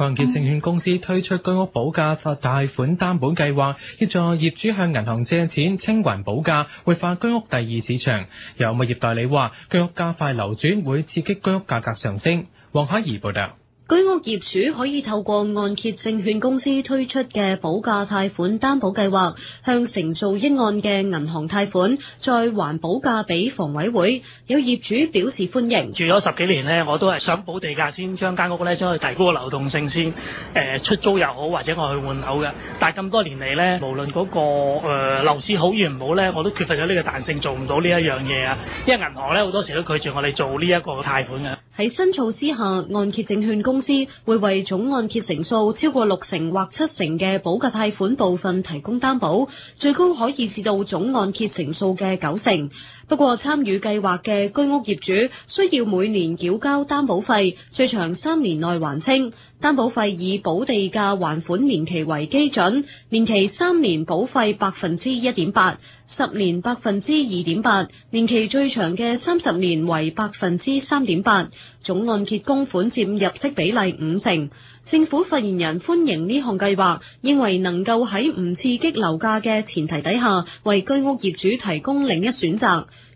按揭證券公司推出居屋補價貸款擔保計劃，協助業主向銀行借錢清還補價，活化居屋第二市場。有物業代理話，居屋加快流轉會刺激居屋價格上升。黃海怡報導。居屋業主可以透過按揭證券公司推出嘅補價貸款擔保計劃，向承造一按嘅銀行貸款，再還補價俾房委會。有業主表示歡迎。住咗十幾年呢，我都係想補地價先，將間屋咧將佢提高個流動性先，出租又好，或者我去換樓嘅。但係咁多年嚟呢，無論嗰個誒樓市好與唔好咧，我都缺乏咗呢個彈性，做唔到呢一樣嘢啊。因為銀行咧好多時都拒絕我哋做呢一個貸款嘅。喺新措施下，按揭證券公司公司會為總按揭成數超過六成或七成嘅補價貸款部分提供擔保，最高可以至到總按揭成數嘅九成。不過參與計劃嘅居屋業主需要每年繳交擔保費，最長三年內還清。擔保費以補地價還款年期為基準，年期三年保費百分之一點八，十年百分之二點八，年期最長嘅三十年為百分之三點八。總按揭供款佔入息比比例五成，政府發言人歡迎呢項計劃，認為能夠喺唔刺激樓價嘅前提底下，為居屋業主提供另一選擇。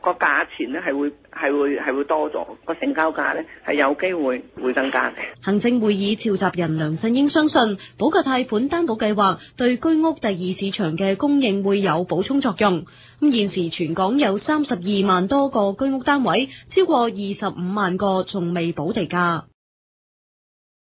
個價錢咧係會係會係會多咗，個成交價咧係有機會會增加嘅。行政會議召集人梁振英相信，補價貸款擔保計劃對居屋第二市場嘅供應會有補充作用。咁現時全港有三十二萬多個居屋單位，超過二十五萬個仲未補地價。